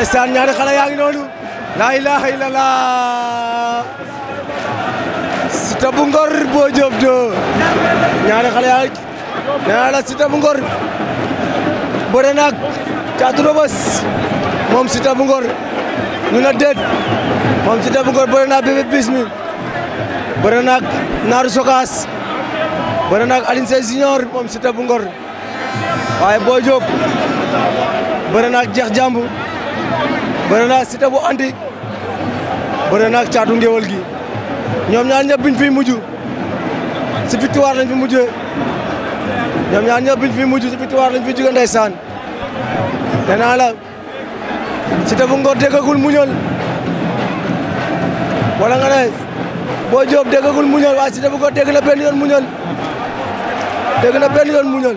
ndeysaan ñaari xale yaa ngi noonu laa ilaha illallah Siteu bu Ngor Boy Diop doo ñaari xale yaa nee la Siteu bu Ngor bëre naag Caatu Rebeuss moom Siteu bu Ngor ñu na déet moom Siteu bu Ngor bëre naag Bébé Bismi bëre naag Naaru Sokaas bëre naag Alioune Sèye Junior moom Siteu bu Ngor waaye Boy Diop bëre naag Jeex Jàmb bëri naa Siteu bu anti bëri naa caatu ngéwal gi ñoom ñaar ñëpp fi fiy mujj si victoire lañ fi mujjee ñoom ñaar ñëpp biñ fiy mujj si victoire lañ fi jugee ndeysaan nee naa la Siteu bu Ngor déggagul muñal wala nga ne boo Diop déggagul muñal waaye Siteu bu Ngor dégg na benn yoon muñal dégg na benn yoon muñal.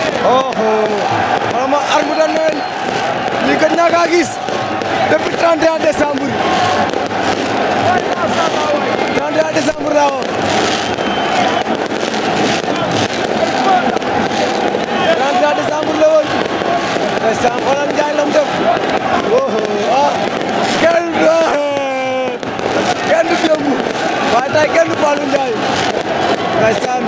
wala ma arme da noen li gëj naa kaa gis depuis 31 décembre 31 décembre laa woon 31 décembre la woon ndeysaan xoolal Njaay lam def ah kenn ah, kenn du démb waaye tey kenn du Fallou Ndiaye ndeysaan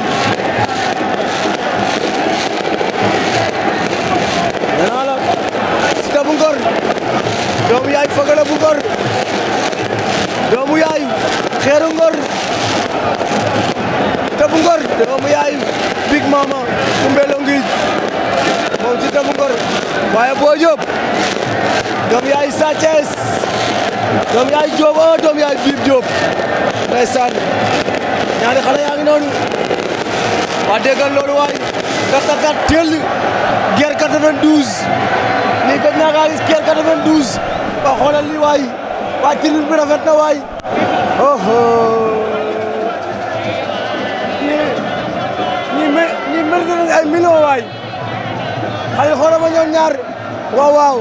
doomu yaayu big mama Kumbelo Ngij moom si doomu Ngor waaye Boy Diop doomu yaayu Sa Thiès doomu yaayu Diop oh doomu yaayu Bib ñaari xale yaa ngi noonu waa déggal loolu waay kata kat teel guerre 92 nii gëj naa kaa gis guerre 92 waa xoolal lii waa tribune bi rafet na waay ay million waay xalil xoolal ma ñoom ñaar waaw waaw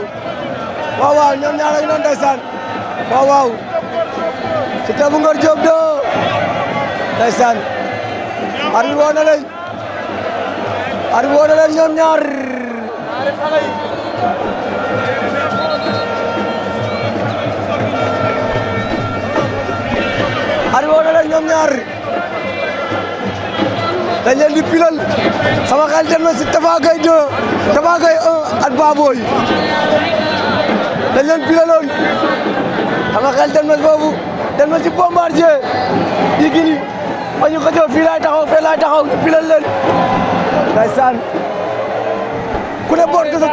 waaw waaw ñoom ñaar ak noonu ndeysaan waaw waaw Siteu bu Ngor Diop na leen arbi woo dañ leen di pilal sama dem na Tafa Gueye 2 Tafa Gueye 1 ak Baboy dañ leen pilaloon sama xel dem na foofu dem na si Bombardier yi gini ba ñu ko jox fii taxaw fee taxaw ñu pilal leen ndeysaan ku boot nga sa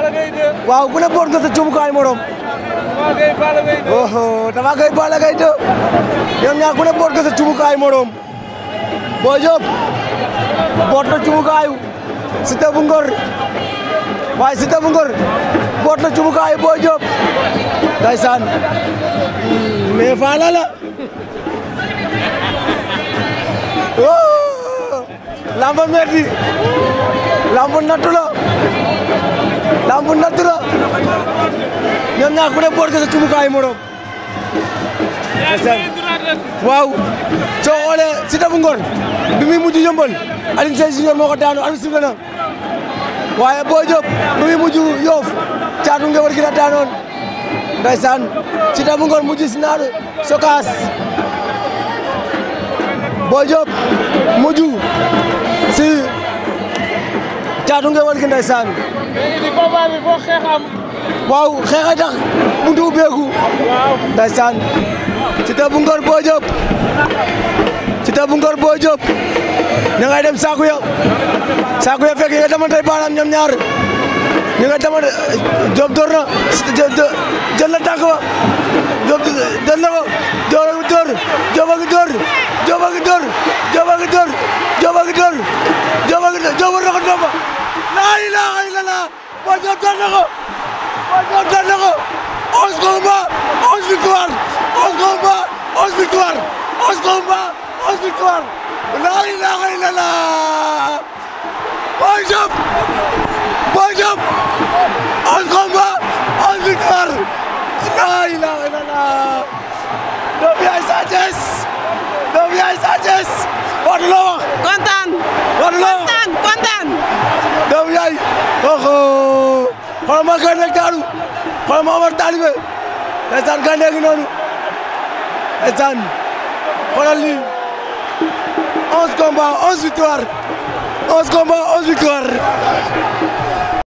waaw boot nga sa cumukaay morom oh Tafa Gueye Balla Gaye 2 ñoom ñaar ku boot nga sa cumukaay morom boo boot na cumukaayu Siteu Ngor waaye Siteu bu Ngor boot na cumukaayu Boy Diop ndeysaan mais faala lamba oh! metti lambu nattu la ñoom ñaar ku ne boot nga morom ndeysaan waaw ne Siteu bu Ngor bi muy mujj yëmbal Alioune Sèye Junior moo ko daanu waaye Boy Diop bi muy mujj Yoff caatu ngewar gi la daanoon ndeysaan si naaru Sokaas Boy Diop si caatu ngewar gi ndeysaan Siteu bu Ngor Boy Diop ña ngay dem saako ya saako ya fekk ñi nga damantey baaraam ñoom ñaar ñi nga damante Diop door na jël na tànk ba Diop jël na ko door a ngi door Diop a ngi door Diop a ngi door Diop a ngi door Diop a ngi door Diop a ngi door Diop war na ko ndomba laa ilaaha illallah Boy Diop daan na ko Boy Diop daan na ko onze combats onze victoires onze combats onze victoires onze combats aux victoires laa ilaaha illallaah Boy Diop Boy Diop un combat une victoire laa ilaaha illallaah doomu yaay Sa Thiès doomu yaay Sa Thiès wax la wax kontaan wax la wax kontaan kontaan doomu yaay oxo xoolal ma gën nekk taaru xoolal ma Omar Talibe ndeysaan gën nekk noonu ndeysaan xoolal lii 11 combats 11 victoires 11 combats 11 victoires